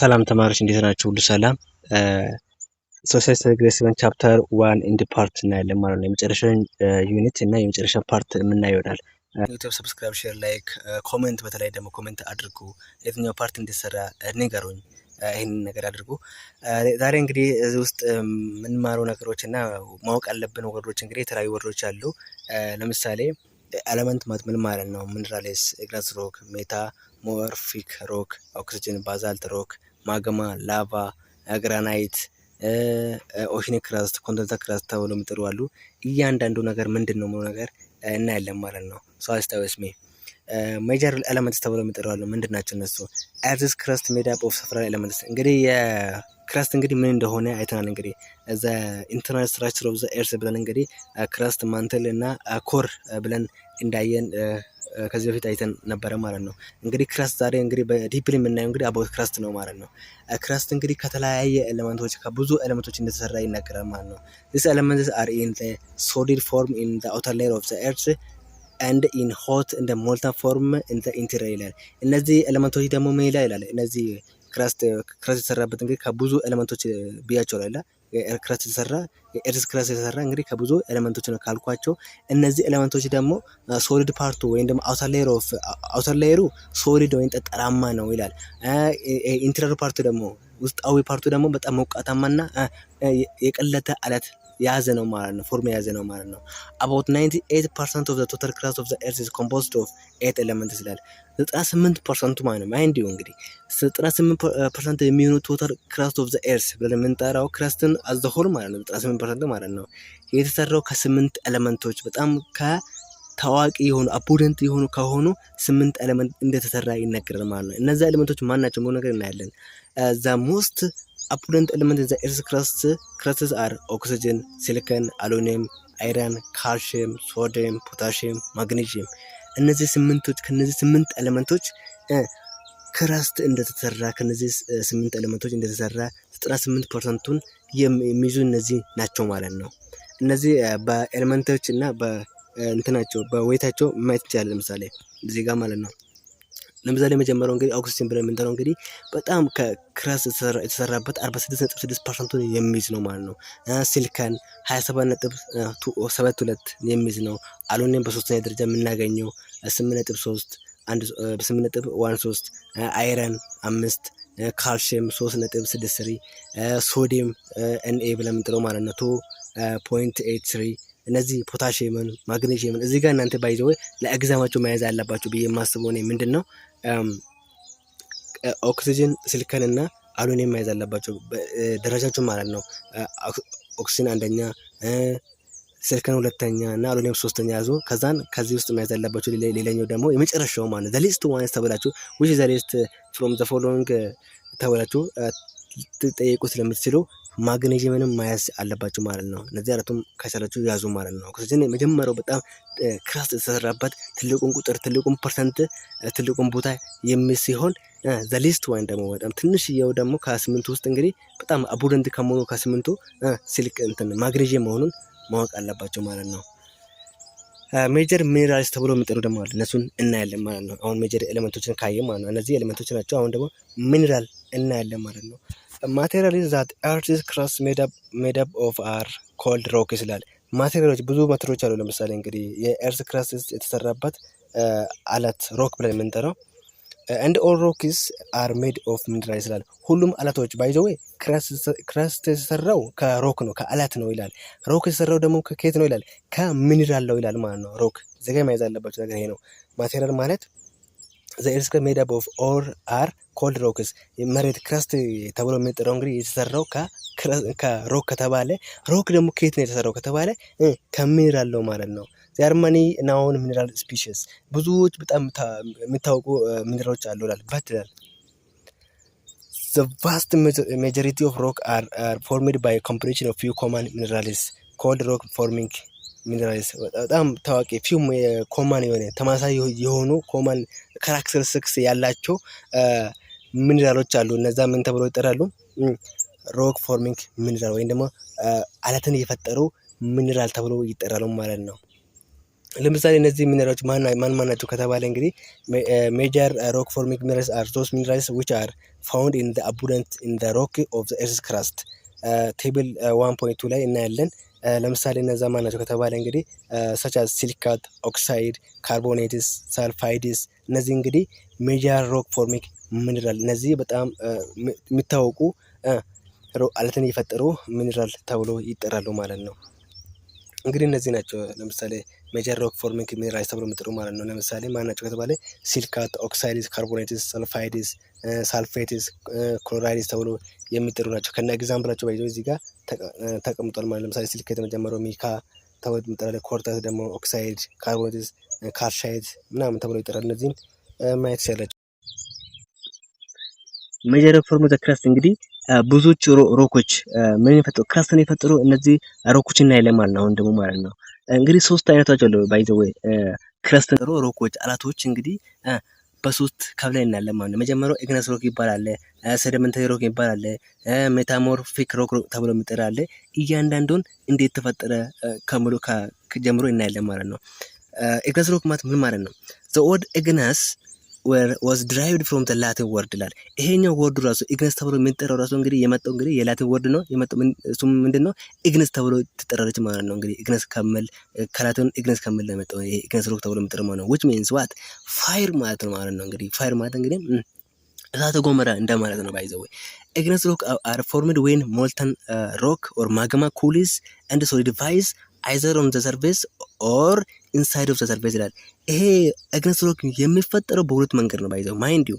ሰላም ተማሪዎች እንዴት ናቸው? ሁሉ ሰላም። ሶሻል ሪግሬሽን ቻፕተር ዋን ኢንድ ፓርት እናያለን ማለት ነው። የመጨረሻን ዩኒት እና የመጨረሻ ፓርት የምናይ ይሆናል። ዩቲብ ሰብስክራይብ፣ ሼር፣ ላይክ፣ ኮሜንት በተለይ ደግሞ ኮሜንት አድርጉ። የትኛው ፓርት እንዲሰራ ንገሩኝ። ይህን ነገር አድርጉ። ዛሬ እንግዲህ እዚህ ውስጥ የምንማረው ነገሮች እና ማወቅ አለብን ወርዶች እንግዲህ የተለያዩ ወርዶች አሉ። ለምሳሌ ኤለመንት ማለት ምን ማለት ነው? ምንራሌስ፣ ግላስ ሮክ፣ ሜታ ሞርፊክ ሮክ፣ ኦክስጅን፣ ባዛልት ሮክ፣ ማግማ፣ ላቫ፣ ግራናይት፣ ኦሽኒክ ክራስት፣ ኮንቲኔንታል ክራስት ተብሎ የሚጠሩ አሉ። እያንዳንዱ ነገር ምንድን ነው ምነው ነገር እናያለን ማለት ነው። ሰዋስታዊ ስሜ ሜጀር ኤለመንትስ ተብሎ የሚጠሩ አሉ። ምንድን ናቸው እነሱ? ኤርዝ ክረስት ሜድ አፕ ኦፍ ሰፍራል ኤለመንትስ። እንግዲህ የክረስት እንግዲህ ምን እንደሆነ አይተናል። እንግዲህ ዘ ኢንተርናል ስትራክቸር ኦፍ ዘ ኤርስ ብለን እንግዲህ ክረስት ማንትል እና ኮር ብለን እንዳየን ከዚህ በፊት አይተን ነበረ ማለት ነው። እንግዲህ ክረስት ዛሬ እንግዲህ በዲፕል የምናየው እንግዲህ አቦት ክረስት ነው ማለት ነው። ክረስት እንግዲህ ከተለያየ ኤሌመንቶች ከብዙ ኤሌመንቶች እንደተሰራ ይነገራል ማለት ነው። ዚስ ኤሌመንትስ አር ኢን ሶሊድ ፎርም ኢን አውተር ሌየር ኦፍ ኤርት ኤንድ ኢን ሆት እንደ ሞልተን ፎርም እንደ ኢንቴሪየር ይላል። እነዚህ ኤሌመንቶች ደግሞ ሜላ ይላል። እነዚህ ክረስት ክረስት የተሰራበት እንግዲህ ከብዙ ኤሌመንቶች ብያቸው ላለ ከኤርክረስ የተሰራ ኤርስክረስ የተሰራ እንግዲህ ከብዙ ኤሌመንቶች ነው ካልኳቸው። እነዚህ ኤሌመንቶች ደግሞ ሶሊድ ፓርቱ ወይም ደግሞ አውተር ሌየሩ ሶሊድ ወይም ጠጠራማ ነው ይላል። ኢንቴሪየር ፓርቱ ደግሞ ውስጣዊ ፓርቱ ደግሞ በጣም ሞቃታማና የቀለተ አለት የያዘ ነው ማለት ነው። ፎርም የያዘ ነው ማለት ነው። አባውት 98 ፐርሰንት ኦፍ ቶታል ክራስ ኦፍ ዘ ኤርዝ ኢዝ ኮምፖዝድ ኦፍ ኤት ኤለመንት ስላል 98 ፐርሰንቱ ማለት ነው። አይ እንዲሁ እንግዲህ 98 ፐርሰንት የሚሆኑ ቶታል ክራስት ኦፍ ዘ ብለን የምንጠራው ክራስትን አዘሆል ማለት ነው። 98 ፐርሰንቱ ማለት ነው የተሰራው ከስምንት ኤለመንቶች በጣም ከ ታዋቂ የሆኑ አቡደንት የሆኑ ከሆኑ ስምንት ኤለመንት እንደተሰራ ይነገራል ማለት ነው። እነዚ ኤለመንቶች ማን ናቸው? ነገር እናያለን። ዘ uh, ሞስት Abundant ኤለመንት in ኤርስ Earth's crust crusts are ሲሊከን፣ silicon, aluminum, አይረን፣ ካልሽየም፣ ሶዲየም፣ ፖታሽየም፣ ማግኔዥየም እነዚህ ስምንቶች ከነዚህ ስምንት ኤለመንቶች ክረስት እንደተሰራ ከነዚህ ስምንት ኤለመንቶች እንደተሰራ ዘጠና ስምንት ፐርሰንቱን የሚይዙ እነዚህ ናቸው ማለት ነው። እነዚህ በኤለመንቶች እና በእንትናቸው በወይታቸው ማየት ይቻላል። ለምሳሌ እዚህ ጋር ማለት ነው ለምሳሌ የመጀመሪያው እንግዲህ ኦክሲጅን ብለን የምንጠራው እንግዲህ በጣም ከክራስ የተሰራበት 46.6 ፐርሰንቱን የሚይዝ ነው ማለት ነው። ሲልከን 27.72 የሚይዝ ነው። አሉሚኒየም በሶስተኛ ደረጃ የምናገኘው 8.3 ስምንት ነጥብ ዋን ሶስት አይረን አምስት ካልሽየም ሶስት ነጥብ ስድስት ስሪ ሶዲየም ኤንኤ ብለን የምንጥለው ማለት ነው ቱ ፖይንት ኤይት ስሪ እነዚህ ፖታሽየምን ማግኔሽየምን እዚህ ጋር እናንተ ባይዘ ወይ ለኤግዛማችሁ መያዝ ያለባቸው ብዬ የማስበው እኔ ምንድን ነው Um, ኦክሲጅን ሲሊከንና አሉሚኒየም መያዝ አለባቸው ደረጃቸው ማለት ነው። ኦክሲጅን አንደኛ፣ ስልከን ሁለተኛ እና አሉኒየም ሶስተኛ ያዙ። ከዛን ከዚህ ውስጥ መያዝ ያለባቸው ሌላኛው ደግሞ የመጨረሻው ማለት ዘ ሊስት ዋንስ ተብላችሁ ዊች ዘ ሊስት ፍሮም ዘ ፎሎዊንግ ተብላችሁ ትጠየቁ ስለምትችሉ ማግኔዥየምንም መያዝ አለባቸው ማለት ነው። እነዚህ አራቱም ከሰለቹ ያዙ ማለት ነው። ከሰችን የመጀመሪያው በጣም ክራስ የተሰራበት ትልቁን ቁጥር ትልቁን ፐርሰንት ትልቁን ቦታ የሚ ሲሆን ዘሊስት ወይም ደግሞ በጣም ትንሽዬው ደግሞ ከስምንቱ ውስጥ እንግዲህ በጣም አቡደንት ከመሆኑ ከስምንቱ ሲልክ እንትን መሆኑን ማወቅ አለባቸው ማለት ነው። ሜጀር ሚኔራልስ ተብሎ የሚጠሩ ደግሞ አለ። እነሱን እናያለን ማለት ነው። አሁን ሜጀር ኤሌመንቶችን ካየ ማለት ነው። እነዚህ ኤሌመንቶች ናቸው። አሁን ደግሞ ሚኔራል እናያለን ማለት ነው። ማቴሪያል ዛት አርት ኢዝ ክራስ ሜድ አፕ ኦፍ አር ኮልድ ሮክ ይስላል። ማቴሪያሎች ብዙ ማቴሪያሎች አሉ። ለምሳሌ እንግዲህ የኤርዝ ክራስ የተሰራበት አለት ሮክ ብለን የምንጠራው ኤንድ ኦል ሮክስ አር ሜድ ኦፍ ሚነራል ይላል። ሁሉም አለቶች ባይዘ ክረስት የተሰራው ከሮክ ነው ከአለት ነው ይላል። ሮክ የተሰራው ደግሞ ከኬት ነው ይላል ከሚነራል ነው ይላል ማለት ነው። ሮክ ዘጋ መያዝ ያለባቸው ነገር ይሄ ነው። ማቴሪያል ማለት ዘ ኤርስ ሜድ ኦፍ ኦር አር ኮልድ ሮክስ መሬት ክረስት ተብሎ የሚጠራው እንግዲህ የተሰራው ከሮክ ከተባለ ሮክ ደግሞ ኬት ነው የተሰራው ከተባለ ከሚነራል ነው ማለት ነው። የአርማኒ ናውን ሚነራል ስፒሽስ ብዙዎች በጣም የሚታወቁ ሚነራሎች አሉ ላል በት ዘ ቫስት ሜጆሪቲ ኦፍ ሮክ አር ፎርሜድ ባይ ኮምፕሬሽን ኦፍ ፊው ኮማን ሚነራልስ ኮልድ ሮክ ፎርሚንግ ሚነራልስ በጣም ታዋቂ ፊው ኮማን የሆነ ተማሳይ የሆኑ ኮማን ካራክተሪስቲክስ ያላቸው ሚነራሎች አሉ። እነዛ ምን ተብሎ ይጠራሉ? ሮክ ፎርሚንግ ሚነራል ወይም ደግሞ አለትን የፈጠሩ ሚነራል ተብሎ ይጠራሉ ማለት ነው። ለምሳሌ እነዚህ ሚኔራሎች ማን ማን ናቸው ከተባለ እንግዲህ ሜጀር ሮክ ፎርሚንግ ሚኔራልስ አር ዞስ ሚኔራልስ ዊች አር ፋውንድ ኢን አቡደንት ኢን ሮክ ኦፍ ኤርስ ክራስት ቴብል ዋን ፖይንት ቱ ላይ እናያለን። ለምሳሌ እነዛ ማን ናቸው ከተባለ እንግዲህ ሰች አዝ ሲሊካት፣ ኦክሳይድ፣ ካርቦኔትስ፣ ሳልፋይድስ እነዚህ እንግዲህ ሜጀር ሮክ ፎርሚንግ ሚነራል እነዚህ በጣም የሚታወቁ አለትን የፈጠሩ ሚኔራል ተብሎ ይጠራሉ ማለት ነው። እንግዲህ እነዚህ ናቸው። ለምሳሌ ሜጀር ሮክ ፎርሚንግ ሚነራልስ ተብሎ የሚጠሩ ማለት ነው። ለምሳሌ ማን ናቸው ከተባለ ሲልካት፣ ኦክሳይድስ፣ ካርቦናይትስ፣ ሰልፋይድስ፣ ሳልፌትስ፣ ክሎራይድስ ተብሎ የሚጠሩ ናቸው። ከነ ኤግዛምፕላቸው ባይዘው እዚህ ጋር ተቀምጧል ማለት ለምሳሌ ሲልኬት መጀመሪያው ሚካ ተብሎ የሚጠራል። ኮርታስ ደግሞ ኦክሳይድ፣ ካርቦናይትስ፣ ካልሻይት ምናምን ተብሎ ይጠራል። እነዚህን ማየት ሲያላቸው ሜጀር ሮክ ፎርሚንግ ዘ ክረስት እንግዲህ ብዙዎች ሮኮች ምን የፈጠሩ ክላስተር የፈጠሩ እነዚህ ሮኮች እናያለን ማለት ነው። አሁን ደግሞ ማለት ነው እንግዲህ ሶስት አይነቶች አሉ። ባይ ዘ ወይ ክላስተር ሮኮች አላቶች እንግዲህ በሶስት ካብ ላይ እናያለን ማለት ነው። መጀመሪያው ኢግነስ ሮክ ይባላል፣ ሰደመንታሪ ሮክ ይባላል፣ ሜታሞርፊክ ሮክ ተብሎ የሚጠራ አለ። እያንዳንዱን እንዴት ተፈጠረ ከሙሉ ከጀምሮ እናያለን ማለት ነው። ኢግነስ ሮክ ማለት ምን ማለት ነው? ዘ ኦድ ኢግነስ ወዝ ድራይቭድ ፍሮም ዘ ላቲን ወርድ ይላል። ይሄኛው ወርዱ ራሱ ኢግነስ ተብሎ የሚጠራው ራሱ እንግዲህ የመጣው እንግዲህ የላቲን ወርድ ነው። የመጣው እሱም ምንድን ነው ኢግነስ ተብሎ ትጠራለች ማለት ነው። እንግዲህ ኢግነስ ከሚል ከላቲን ኢግነስ ከሚል ነው የመጣው ኢግነስ ሮክ ተብሎ የሚጠራው ማለት ነው። ዊች ሚንስ ዋት ፋይር ማለት ነው ማለት ነው። እንግዲህ ፋይር ማለት እንግዲህ እሳተ ገሞራ እንደማለት ነው። ወይ ኢግነስ ሮክ አር ፎርምድ ዌን ሞልተን ሮክ ኦር ማግማ ኩልስ ኤንድ ሶሊዲፋይስ አይዘር ኦን ዘ ሰርፌስ ኦር ኢንሳይድ ኦፍ ዘ ሰርፌስ ይላል። ይሄ አግነስ ሮክ የሚፈጠረው በሁለት መንገድ ነው። ባይዘው ማይንድ ዩ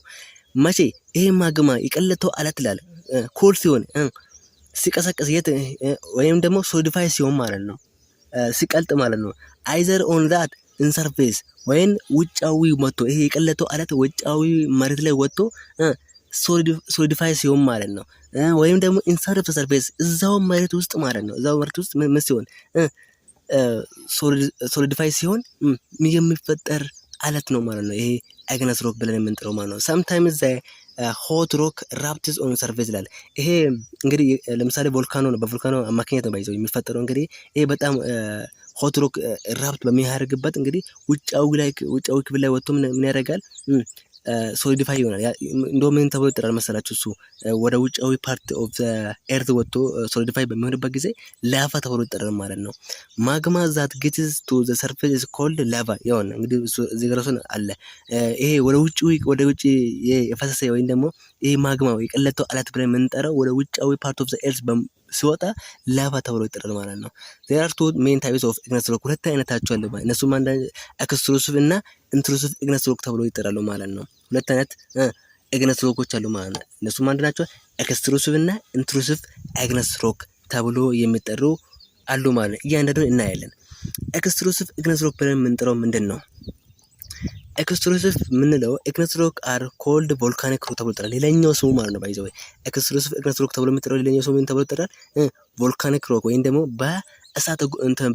መቼ ይሄ ማግማ የቀለጠው አለት ይላል ኮል ሲሆን ሲቀሰቀስ የት ወይም ደግሞ ሶዲፋይ ሲሆን ማለት ነው ሲቀልጥ ማለት ነው። አይዘር ኦን ዛት ኢንሰርፌስ ወይም ውጫዊ መጥቶ ይሄ የቀለጠው አለት ውጫዊ መሬት ላይ ወጥቶ ሶሊዲፋይ ሲሆን ማለት ነው። ወይም ደግሞ ኢንሳይድ ኦፍ ሰርፌስ እዛው መሬት ውስጥ ማለት ነው። እዛው መሬት ውስጥ ምን ሲሆን ሶሊድፋይ ሲሆን የሚፈጠር አለት ነው ማለት ነው። ይሄ አግነስ ሮክ ብለን የምንጥረው ማለት ነው። ሳምታይምስ ዘ ሆት ሮክ ራፕትስ ኦን ሰርፌስ ይላል። ይሄ እንግዲህ ለምሳሌ ቮልካኖ ነው፣ በቮልካኖ አማካኝነት ነው ባይዘው የሚፈጠረው። እንግዲህ ይሄ በጣም ሆት ሮክ ራፕት በሚያደርግበት እንግዲህ ውጫዊ ላይ ውጫዊ ክፍል ላይ ወጥቶ ምን ያደርጋል ሶሊዲፋይ ይሆናል። እንደ ምን ተብሎ ይጠራል መሰላችሁ? እሱ ወደ ውጫዊ ፓርት ኦፍ ኤርት ወጥቶ ሶሊዲፋይ በሚሆንበት ጊዜ ላቫ ተብሎ ይጠራል ማለት ነው። ማግማ ዛት ጌትስ ቱ ዘ ሰርፌስ ኢዝ ኮልድ ላቫ ይሆን እንግዲህ እዚህ ጋር አለ። ይሄ ወደ ውጭ ወደ ውጭ የፈሰሰ ወይም ደግሞ ይሄ ማግማው የቀለጠው አለት ብለን የምንጠራው ወደ ውጫዊ ፓርት ኦፍ ዘ ኤርዝ ሲወጣ ላቫ ተብሎ ይጠራል ማለት ነው። ዜር አር ሜን ታይፕስ ኦፍ ኢግነስ ሮክ ሁለት አይነታቸው አለ እነሱም አንድ ኤክስትሩሲቭ እና ኢንትሩሲቭ ኢግነስ ሮክ ተብሎ ይጠራሉ ማለት ነው። ሁለት አይነት ኢግነስ ሮኮች አሉ ማለት ነው። እነሱም አንድ ናቸው። ኤክስትሩሲቭ እና ኢንትሩሲቭ ኢግነስ ሮክ ተብሎ የሚጠሩ አሉ ማለት ነው። እያንዳንዱን እናያለን። ኤክስትሩሲቭ ኢግነስ ሮክ ብለን የምንጠራው ምንድን ነው? ኤክስክሉሲቭ የምንለው ኤክነትሮክ አር ኮልድ ቮልካኒክ ሮክ ተብሎ ይጠራል። ሌላኛው ስሙ ማለት ነው። ባይዘ ወይ ኤክስክሉሲቭ ኤክነትሮክ ተብሎ የሚጠራው ሌላኛው ስሙ ምን ተብሎ ይጠራል? ቮልካኒክ ሮክ ወይም ደግሞ በእሳተ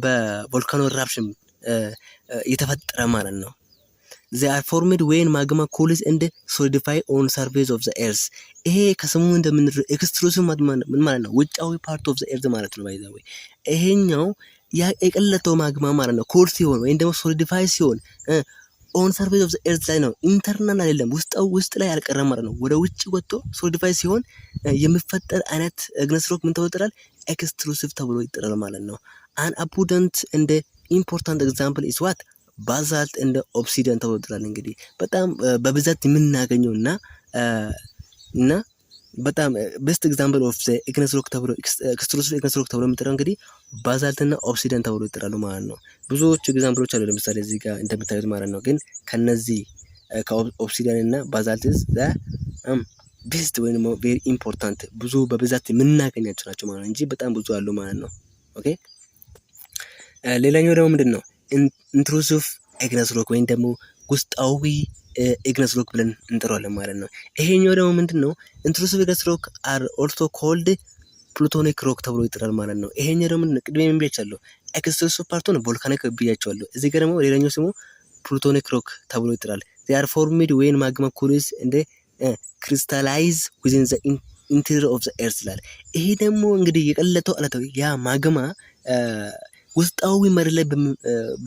በቮልካኖ ራፕሽን የተፈጠረ ማለት ነው። ዘ አር ፎርሜድ ዌን ማግማ ኮልስ እንደ ሶሊዲፋይ ኦን ሰርፌስ ኦፍ ዘ ኤርስ። ይሄ ከስሙ እንደምንድረው ኤክስክሉሲቭ ምን ማለት ነው? ውጫዊ ፓርት ኦፍ ዘ ኤርስ ማለት ነው። ባይዘ ወይ ይሄኛው የቀለጠው ማግማ ማለት ነው። ኩል ሲሆን ወይም ደግሞ ሶሊዲፋይ ሲሆን ኦን ሰርፌስ ኦፍ ኤርዝ ላይ ነው። ኢንተርናል አይደለም፣ ውስጠው ውስጥ ላይ አልቀረም ማለት ነው። ወደ ውጭ ወጥቶ ሶሊዲፋይ ሲሆን የሚፈጠር አይነት እግነስ ሮክ ምን ተወጥራል ይጠራል? ኤክስትሩሲቭ ተብሎ ይጠራል ማለት ነው። አን አቡደንት እንደ ኢምፖርታንት ኤግዛምፕል ኢስ ዋት ባዛልት እንደ ኦብሲዲያን ተወጥራል። እንግዲህ በጣም በብዛት የምናገኘው እና እና በጣም ቤስት ኤግዛምፕል ኦፍ ኢግነስ ሮክ ተብሎ ኤክስትሩሲቭ ኢግነስ ሮክ ተብሎ የሚጠራው እንግዲህ ባዛልትና ኦብሲደን ተብሎ ይጠራሉ ማለት ነው። ብዙዎቹ ኤግዛምፕሎች አሉ፣ ለምሳሌ እዚህ ጋር እንደምታዩት ማለት ነው። ግን ከነዚህ eh, ከኦብሲደን እና ባዛልትስ ቤስት ወይ ደግሞ ቬሪ ኢምፖርታንት ብዙ በብዛት የምናገኛቸው ናቸው ማለት ነው እንጂ በጣም ብዙ አሉ ማለት ነው። ኦኬ eh, ሌላኛው ደግሞ ምንድን ነው ኢንትሩሲቭ ኢግነስ ሮክ ወይም ደግሞ ውስጣዊ ኢግነስ ሮክ ብለን እንጠራዋለን ማለት ነው። ይሄኛው ደግሞ ምንድን ነው? ኢንትሩሲቭ ኢግነስ ሮክ አር ኦልሶ ኮልድ ፕሉቶኒክ ሮክ ተብሎ ይጠራል ማለት ነው። ይሄኛው ደግሞ ምንድን ነው? ቅድሜ ምን ብያቸዋለሁ? ኤክስቴንሱ ፓርቱን ቮልካኒክ ብያቸዋለሁ። እዚህ ጋር ደግሞ ሌላኛው ስሙ ፕሉቶኒክ ሮክ ተብሎ ይጠራል። አር ፎርሚድ ወይን ማግማ ኮሊስ እንደ ክሪስታላይዝ ዊዝን ዘ ኢንቴሪየር ኦፍ ዘ ኤርስ ይላል። ይሄ ደግሞ እንግዲህ የቀለጠው አለተው ያ ማግማ ውስጣዊ መሬት ላይ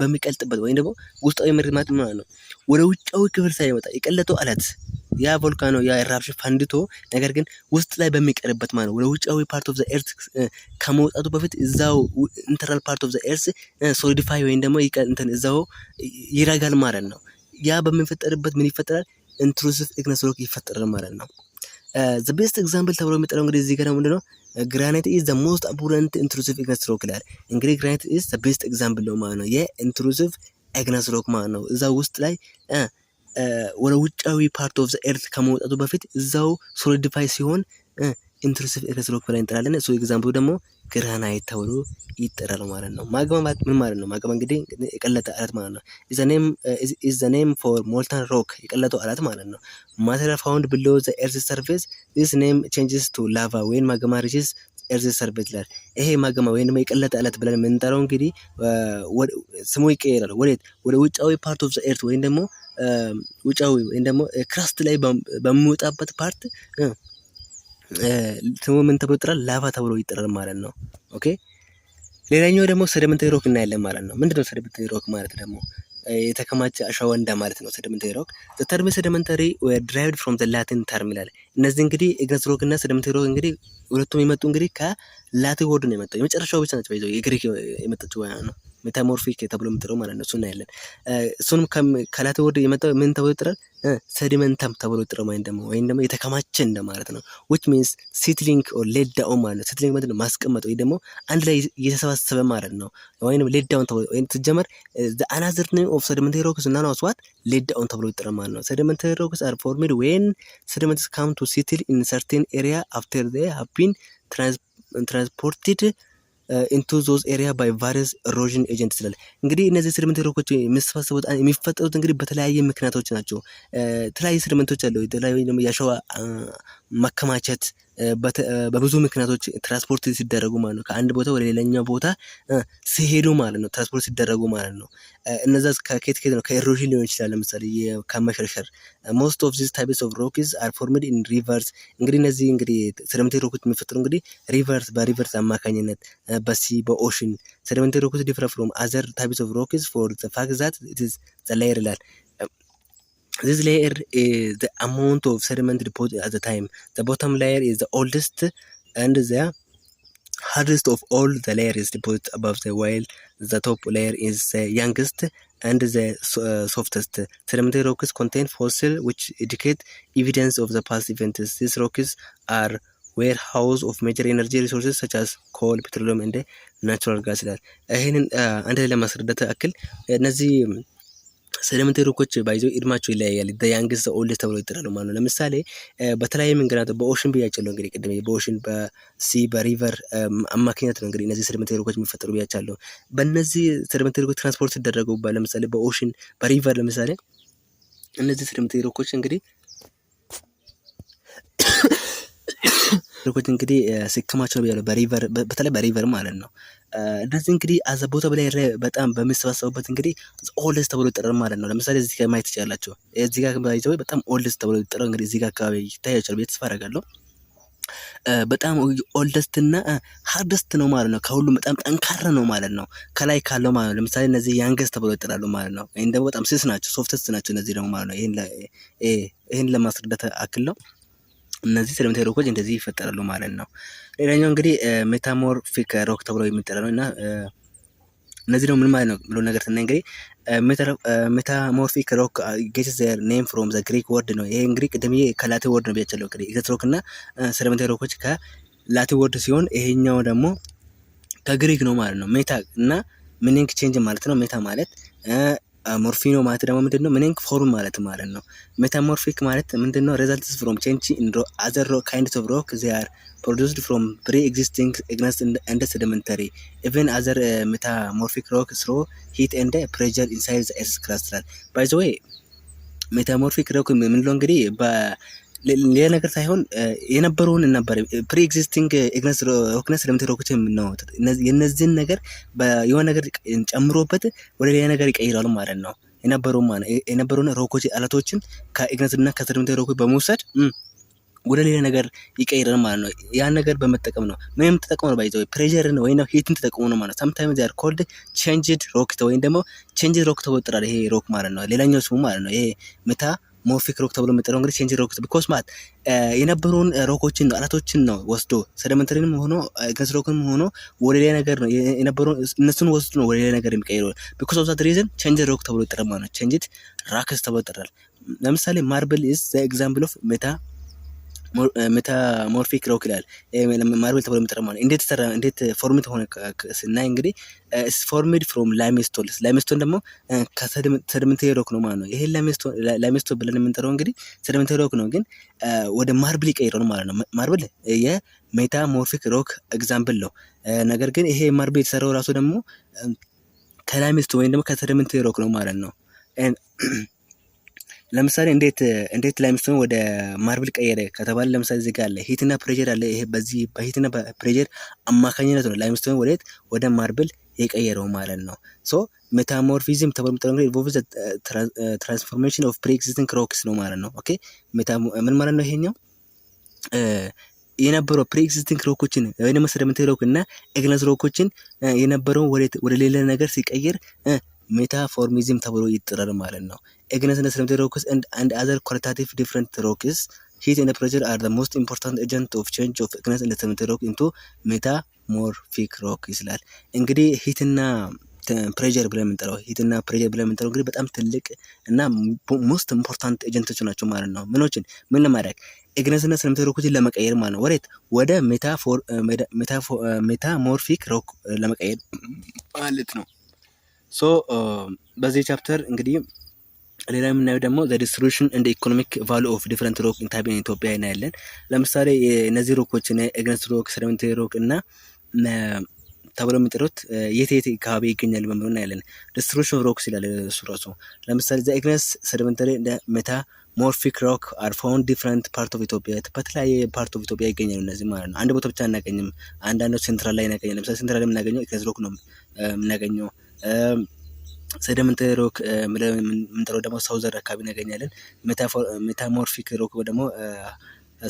በሚቀልጥበት ወይም ደግሞ ውስጣዊ መሬት ማለት ማለት ነው ወደ ውጫዊ ክፍል ሳይወጣ የቀለጠው አለት ያ ቮልካኖ ያ ኤራፕሽን ፈንድቶ ነገር ግን ውስጥ ላይ በሚቀርበት ማለት ነው ወደ ውጫዊ ፓርት ኦፍ ዘ ኤርት ከመውጣቱ በፊት እዛው ኢንተርናል ፓርት ኦፍ ዘ ኤርት ሶሊዲፋይ ወይም ደግሞ እዛው ይረጋል ማለት ነው። ያ በሚፈጠርበት ምን ይፈጠራል? ኢንትሩሲቭ ኢግነስ ሮክ ይፈጠራል ማለት ነው። ቤስት uh, ኤግዛምፕል ተብሎ የሚጠራው እንግዲህ እዚህ ጋር ምንድነው ግራኒት ኢዝ ዘ ሞስት አቡረንት ኢንትሩሲቭ ኢግነስ ሮክ ይላል። እንግዲህ ግራኒት ኢዝ ዘ ቤስት ኤግዛምፕል ነው ማለት ነው የኢንትሩሲቭ ኤግነስ ሮክ ማለት ነው። እዛ ውስጥ ላይ uh, uh, ወደ ውጫዊ ፓርት ኦፍ ዘ ኤርት ከመውጣቱ በፊት እዛው ሶሊዲፋይ ሲሆን ኢንትሩሲቭ ኤግነስ ሮክ ብለን እንጠራለን። እሱ ኤግዛምፕሉ ደግሞ ግራናይት ተብሎ ይጠራል ማለት ነው። ማግማ ምን ማለት ነው? ማግማ እንግዲህ የቀለጠ አለት ማለት ነው። ኢዝ ዘ ኔም ፎር ሞልተን ሮክ የቀለጠው አለት ማለት ነው። ማተሪያል ፋውንድ ብሎ ዘ ኤርዝ ሰርፌስ ዚስ ኔም ቼንጅስ ቱ ላቫ ወይም ማግማ ሪችስ ኤርዝ ሰርፌስ ይላል። ይሄ ማግማ ወይም ደግሞ የቀለጠ አለት ብለን የምንጠራው እንግዲህ ስሙ ይቀየራል። ወዴት? ወደ ውጫዊ ፓርት ኦፍ ዘ ኤርት ወይም ደግሞ ውጫዊ ወይም ደግሞ ክራስት ላይ በሚወጣበት ፓርት ስሙ ምን ተብሎ ይጠራል? ላቫ ተብሎ ይጠራል ማለት ነው። ኦኬ ሌላኛው ደግሞ ሰደመንታዊ ሮክ እናያለን ማለት ነው። ምንድነው ሰደመንታዊ ሮክ ማለት ደግሞ የተከማቸ አሸዋ እንዳ ማለት ነው። ሰደመንታሪ ሮክ ተርም ሰደመንታሪ ድራይቭድ ፍሮም ዘ ላቲን ተርም ይላል። እነዚህ እንግዲህ እግረስ ሮክ እና ሰደመንታሪ ሮክ እንግዲህ ሁለቱም የመጡ እንግዲህ ከላቲን ወርድ ነው የመጣው። የመጨረሻው ብቻ ናቸው የግሪክ የመጣችው ነው። ሜታሞርፊክ ተብሎ የምትለው ማለት ነው። እሱ እናያለን። እሱንም ከላት ወደ የመጣው ምን ተብሎ ይጥራል? ሰዲመንታም ተብሎ ይጥራል። ማለት ደግሞ ወይም ደግሞ የተከማቸ እንደማለት ነው። ዊች ሚንስ ሲትሊንግ ኦር ሌዳውን ማለት ነው። ሲትሊንግ ማለት ነው ማስቀመጥ ወይ ደግሞ አንድ ላይ እየተሰባሰበ ማለት ነው። ወይም ሌዳውን ተብሎ ወይም ትጀመር ዘ አናዘር ኔም ኦፍ ሰዲመንት ሮክስ እና ነው ስዋት ሌዳውን ተብሎ ይጥራል ማለት ነው። ሰዲመንት ሮክስ አር ፎርምድ ዌን ሰዲመንትስ ካም ቱ ሲትል ኢን ሰርቴን ኤሪያ አፍተር ዘ ሃቭ ቢን ትራንስፖርትድ ኢንቱ ዞዝ ኤሪያ ባይ ቫይረስ ሮዥን ኤጀንት ስላል እንግዲህ እነዚህ ስድመንት ሮኮች የሚሰፋሰቡት የሚፈጠሩት እንግዲህ በተለያየ ምክንያቶች ናቸው። የተለያዩ ስድመንቶች አሉ። የተለያዩ ደግሞ የአሸዋ uh, መከማቸት በብዙ ምክንያቶች ትራንስፖርት ሲደረጉ ማለት ነው። ከአንድ ቦታ ወደ ሌላኛው ቦታ ሲሄዱ ማለት ነው። ትራንስፖርት ሲደረጉ ማለት ነው። እነዛ ከኬት ኬት ነው ከኤሮሽን ሊሆን ይችላል። ለምሳሌ ከመሸርሸር ሞስት ኦፍ ዚስ ታይፕስ ኦፍ ሮክስ አር ፎርምድ ኢን ሪቨርስ። እንግዲህ እነዚህ እንግዲህ ሰደመንታሪ ሮኮች የሚፈጥሩ እንግዲህ ሪቨርስ በሪቨርስ አማካኝነት በሲ በኦሽን ሰደመንታሪ ሮኮች ዲፍረ ፍሮም አዘር ታይፕስ ኦፍ ሮክስ ፎር ዘ ፋክት ዛት ኢት ኢዝ ዘ ሌየር ይላል This layer is the amount of sediment deposit at the time. The bottom layer is the oldest and the hardest of all the layers deposit above the while the top layer is the youngest and the uh, softest. Sedimentary rocks contain fossils which indicate evidence of the past events. These rocks are ዌርሃውስ ኦፍ ሜጀር ኤነርጂ ሪሶርስስ ሰቻስ ኮል ፔትሮሊየም እንደ ናቹራል ጋዝ ይላል። ይህንን አንድ ላይ ለማስረዳት ያክል እነዚህ ስለምትርኮች ባይዘው እድማቸው ይለያያል። ያንግስ ኦልደስ ተብሎ ይጠራሉ ማለት ነው። ለምሳሌ በተለያየ መንገድ በኦሽን ብያቸለሁ እንግዲህ ቅድም በኦሽን በሲ በሪቨር አማካኝነት ነው እንግዲህ እነዚህ ስediመንተሪኮች የሚፈጠሩ ብያቸለሁ። በእነዚህ ስediመንተሪኮች ትራንስፖርት ሲደረጉ ለምሳሌ በኦሽን በሪቨር ለምሳሌ እነዚህ ስediመንተሪኮች እንግዲህ ሪኮች እንግዲህ ሲከማቸው ብያለሁ። በሪቨር በተለይ በሪቨር ማለት ነው እነዚህ እንግዲህ አዘ ቦታ በላይ በጣም በሚሰባሰቡበት እንግዲህ ኦልስ ተብሎ ይጠራል ማለት ነው። ለምሳሌ እዚህ ጋር ማየት ይችላላቸው። እዚህ ጋር በጣም ኦልስ ተብሎ ይጠራል። እንግዲህ እዚህ ጋር አካባቢ ይታያቸዋል ብዬ ተስፋ አደርጋለሁ። በጣም ኦልደስት እና ሀርደስት ነው ማለት ነው። ከሁሉም በጣም ጠንካራ ነው ማለት ነው። ከላይ ካለው ማለት ነው። ለምሳሌ እነዚህ ያንገስ ተብሎ ይጠራሉ ማለት ነው። ይህን ደግሞ በጣም ስስ ናቸው፣ ሶፍተስት ናቸው እነዚህ ደግሞ ማለት ነው። ይህን ለማስረዳት አክል ነው። እነዚህ ሴዲሜንታሪ ሮኮች እንደዚህ ይፈጠራሉ ማለት ነው። ሌላኛው እንግዲህ ሜታሞርፊክ ሮክ ተብሎ የሚጠራ ነው እና እነዚህ ደግሞ ምን ማለት ነው ብሎ ነገር ስናይ እንግዲህ ሜታሞርፊክ ሮክ ጌት ዘር ኔም ፍሮም ዘ ግሪክ ወርድ ነው። ይሄ እንግዲህ ቅድም ከላቲን ወርድ ነው ብያቸለው። እንግዲህ ኢዘት ሮክ እና ሴዲሜንታሪ ሮኮች ከላቲን ወርድ ሲሆን ይሄኛው ደግሞ ከግሪክ ነው ማለት ነው። ሜታ እና ሚኒንግ ቼንጅ ማለት ነው። ሜታ ማለት ሞርፊኖ ማለት ደግሞ ነው? ምንንክ ፎርም ማለት ማለት ነው። ሜታሞርፊክ ማለት ነው? ሬዛልትስ ፍሮም ቼንጅ ኢን አዘር ካይንድ ኦፍ ሮክ ዜ አር ፕሮዱስድ ፍሮም ፕሪ ኤግዚስቲንግ ኢግነስ እንደ ሰደመንተሪ ኢቨን አዘር ሜታሞርፊክ ሮክ ስሮ ሂት እንደ ፕሬር ኢንሳይድ ኤርስ ክላስትራል ባይ ዘ ወይ ሜታሞርፊክ ሮክ የምንለው እንግዲህ ሌላ ነገር ሳይሆን የነበረውን ነበር። ፕሪ ኤግዚስቲንግ ኦክነስ ሊሚትድ ኦክነስ ነው። የነዚህን ነገር የሆነ ነገር ጨምሮበት ወደ ሌላ ነገር ይቀይራሉ ማለት ነው። የነበረውን ሮኮች አለቶችን ከኢግነስ እና ከስድምት ሮኮች በመውሰድ ወደ ሌላ ነገር ይቀይራል ማለት ነው። ያን ነገር በመጠቀም ነው። ምን የምትጠቀሙ ነው ባይዘ ፕሬዠር ወይ ነው ሂትን ተጠቅሞ ነው ማለት ነው። ሳምታይምስ ዚያር ኮልድ ቼንጅድ ሮክ ወይም ደግሞ ቼንጅድ ሮክ ተወጥራል። ይሄ ሮክ ማለት ነው። ሌላኛው ስሙ ማለት ነው። ይሄ ምታ ሞፊክ ሮክ ተብሎ የሚጠራው እንግዲህ ቼንጅ ሮክ ቢኮዝ ማለት የነበሩን ሮኮችን ነው አላቶችን ነው ወስዶ ሰደመንተሪንም ሆኖ ገንስ ሮክንም ሆኖ ወደ ሌላ ነገር ነው የነበሩ እነሱን ወስዶ ነው ወደ ሌላ ነገር የሚቀይረው ቢኮዝ ኦፍ ዛት ሪዝን ቼንጅ ሮክ ተብሎ ይጠራል ማለት ነው። ቼንጅት ራክስ ተብሎ ይጠራል። ለምሳሌ ማርብል ኢዝ ዘ ኤግዛምፕል ኦፍ ሜታ ሜታሞርፊክ ሮክ ይላል። ማርብል ተብሎ የሚጠራው ማለት እንዴት ተሰራ እንዴት ፎርምድ ሆነ ስናይ እንግዲህ ፎርምድ ፍሮም ላይምስቶን። ላይምስቶን ደግሞ ከሰድምንታሪ ሮክ ነው ማለት ነው። ይሄ ላይምስቶን ብለን የምንጠራው እንግዲህ ሰድምንታሪ ሮክ ነው፣ ግን ወደ ማርብል ይቀይረው ነው ማለት ነው። ማርብል የሜታሞርፊክ ሮክ ኤግዛምፕል ነው። ነገር ግን ይሄ ማርብል የተሰራው ራሱ ደግሞ ከላይምስቶን ወይም ደግሞ ከሰድምንታሪ ሮክ ነው ማለት ነው። ለምሳሌ እንዴት እንዴት ላይ ምስሆን ወደ ማርብል ቀየረ ከተባለ ለምሳሌ ዜጋ አለ ሂትና ፕሬጀር አለ። ይሄ በዚህ በሂትና ፕሬጀር አማካኝነት ነው ላይ ምስሆን ወዴት ወደ ማርብል የቀየረው ማለት ነው። ሶ ሜታሞርፊዝም ተብሎ የሚጠራው ኢቮልቭ ትራንስፎርሜሽን ኦፍ ፕሪኤግዚስቲንግ ሮክስ ነው ማለት ነው። ኦኬ ምን ማለት ነው ይሄኛው የነበረው ፕሪኤግዚስቲንግ ሮኮችን ወይም ደግሞ ሮክ እና ኤግነስ ሮኮችን የነበረው ወደ ሌላ ነገር ሲቀይር ሜታፎርሚዝም ተብሎ ይጠራል ማለት ነው። Against the Seventy Rocks and, and other qualitative different rocks, heat and pressure are the most important agent of change of Against the Seventy Rock into ይስላል። እንግዲህ ሂትና ፕሬጀር ብለን የምንጠራው ሂትና ፕሬጀር ብለን የምንጠራው እንግዲህ በጣም ትልቅ እና ሞስት ኢምፖርታንት ኤጀንቶች ናቸው ማለት ነው። ምኖችን ምን ለማድረግ ኤግነስነት ስለምትሮኮችን ለመቀየር ማለት ነው። ወዴት ወደ ሜታሞርፊክ ሮክ ለመቀየር ማለት ነው። ሶ በዚህ ቻፕተር እንግዲህ ሌላ የምናየው ደግሞ ዘ ዲስትሪቢዩሽን እንደ ኢኮኖሚክ ቫሉ ኦፍ ዲፍረንት ሮክ ኢንታቢ ኢትዮጵያ እናያለን። ለምሳሌ እነዚህ ሮኮች ኤግነስ ሮክ፣ ሰዲመንታሪ ሮክ እና ተብሎ የሚጠሩት የት የት አካባቢ ይገኛል በሚለው እናያለን። ዲስትሪቢዩሽን ሮክ ሲላል እሱ ራሱ። ለምሳሌ ዘ ኤግነስ ሰዲመንታሪ እንደ ሜታ ሞርፊክ ሮክ አር ፋውንድ ዲፍረንት ፓርት ኦፍ ኢትዮጵያ በተለያየ ፓርት ኦፍ ኢትዮጵያ ይገኛሉ። እነዚህ ማለት ነው አንድ ቦታ ብቻ አናገኝም። አንዳንዶች ሴንትራል ላይ እናገኛለን። ለምሳሌ ሴንትራል ላይ የምናገኘው ኤግነስ ሮክ ነው የምናገኘው ሰደመንት ሮክ የምንጠራው ደግሞ ሳውዘር አካባቢ እናገኛለን። ሜታሞርፊክ ሮክ ደግሞ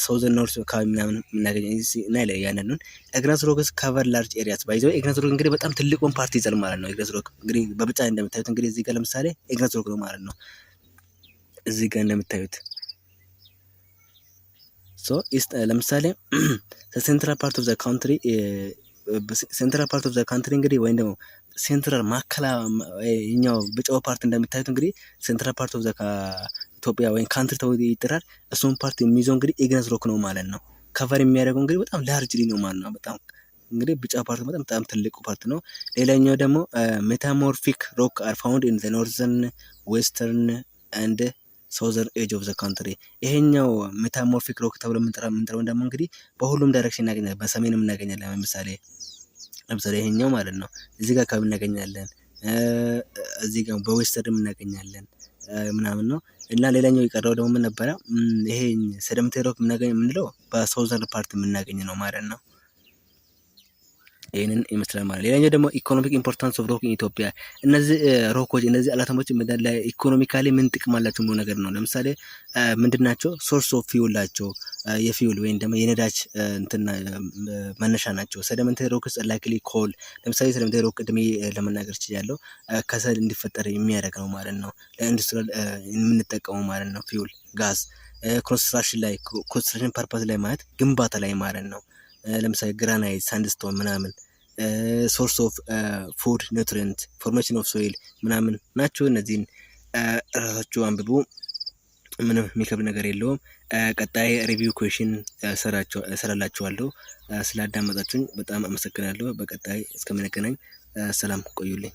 ሳውዘን ኖርት አካባቢ ምናምን የምናገኘ እና ላይ ያንኑን ኤግነስ ሮክስ ካቨር ላርጅ ኤሪያስ ባይዘ ኤግነስ ሮክ እንግዲህ በጣም ትልቁን ፓርቲ ይዘል ማለት ነው። ኤግነስ ሮክ እንግዲህ በብጫ እንደምታዩት እንግዲህ እዚህ ጋር ለምሳሌ ኤግነስ ሮክ ነው ማለት ነው። እዚህ ጋር እንደምታዩት ሶ ኢስት ለምሳሌ ሴንትራል ፓርት ኦፍ ዘ ካንትሪ ሴንትራል ፓርት ኦፍ ዘ ካንትሪ እንግዲህ ወይም ደግሞ ሴንትራል ማከላ እኛው በጨው ፓርት እንደሚታዩት እንግዲህ ሴንትራል ፓርት ኦፍ ዘ ኢትዮጵያ ወይም ካንትሪ ተብሎ ይጠራል። እሱን ፓርት የሚይዘው እንግዲህ ኢግነስ ሮክ ነው ማለት ነው። ከቨር የሚያደርገው እንግዲህ በጣም ላርጅሊ ነው ማለት ነው። በጣም እንግዲህ ቢጫ ፓርት በጣም በጣም ትልቁ ፓርት ነው። ሌላኛው ደግሞ ሜታሞርፊክ ሮክ አር ፋውንድ ኢን ዘ ኖርዘርን ዌስተርን አንድ ሶዘር ኤጅ ኦፍ ዘ ካንትሪ። ይሄኛው ሜታሞርፊክ ሮክ ተብሎ የምንጠራው ደግሞ እንግዲህ በሁሉም ዳይሬክሽን እናገኛለን። በሰሜንም እናገኛለን ለምሳሌ ለምሳሌ ይሄኛው ማለት ነው እዚህ ጋር አካባቢ እናገኛለን፣ እዚህ ጋር በዌስተርድም እናገኛለን ምናምን ነው እና ሌላኛው የቀረው ደግሞ ምን ነበረ? ይሄ ሰደምቴሮክ ሮክ የምንለው በሳውዘርን ፓርት የምናገኝ ነው ማለት ነው። ይህንን ይመስላል ማለት። ሌላኛው ደግሞ ኢኮኖሚክ ኢምፖርታንስ ኦፍ ሮክ ኢትዮጵያ። እነዚህ ሮኮች እነዚህ አላተሞች ኢኮኖሚካሊ ምን ጥቅም አላቸው የሚለው ነገር ነው። ለምሳሌ ምንድናቸው? ሶርስ ኦፍ ፊውል ናቸው፣ የፊውል ወይም ደግሞ የነዳጅ እንትና መነሻ ናቸው። ሰደመንታሪ ሮክ ስ ላይክሊ ኮል። ለምሳሌ ሰደመንታሪ ሮክ ቅድሜ ለመናገር ችያለሁ፣ ከሰል እንዲፈጠር የሚያደርግ ነው ማለት ነው። ለኢንዱስትሪል የምንጠቀመው ማለት ነው ፊውል ጋዝ ኮንስትራክሽን ላይ ኮንስትራክሽን ፐርፐስ ላይ ማለት ግንባታ ላይ ማለት ነው። ለምሳሌ ግራናይት፣ ሳንድስቶን ምናምን ሶርስ ኦፍ ፉድ ኒውትሪንት፣ ፎርሜሽን ኦፍ ሶይል ምናምን ናቸው። እነዚህን ራሳችሁ አንብቡ። ምንም የሚከብድ ነገር የለውም። ቀጣይ ሪቪው ኩዌሽን እሰራላችኋለሁ። ስላዳመጣችሁኝ በጣም አመሰግናለሁ። በቀጣይ እስከምንገናኝ ሰላም ቆዩልኝ።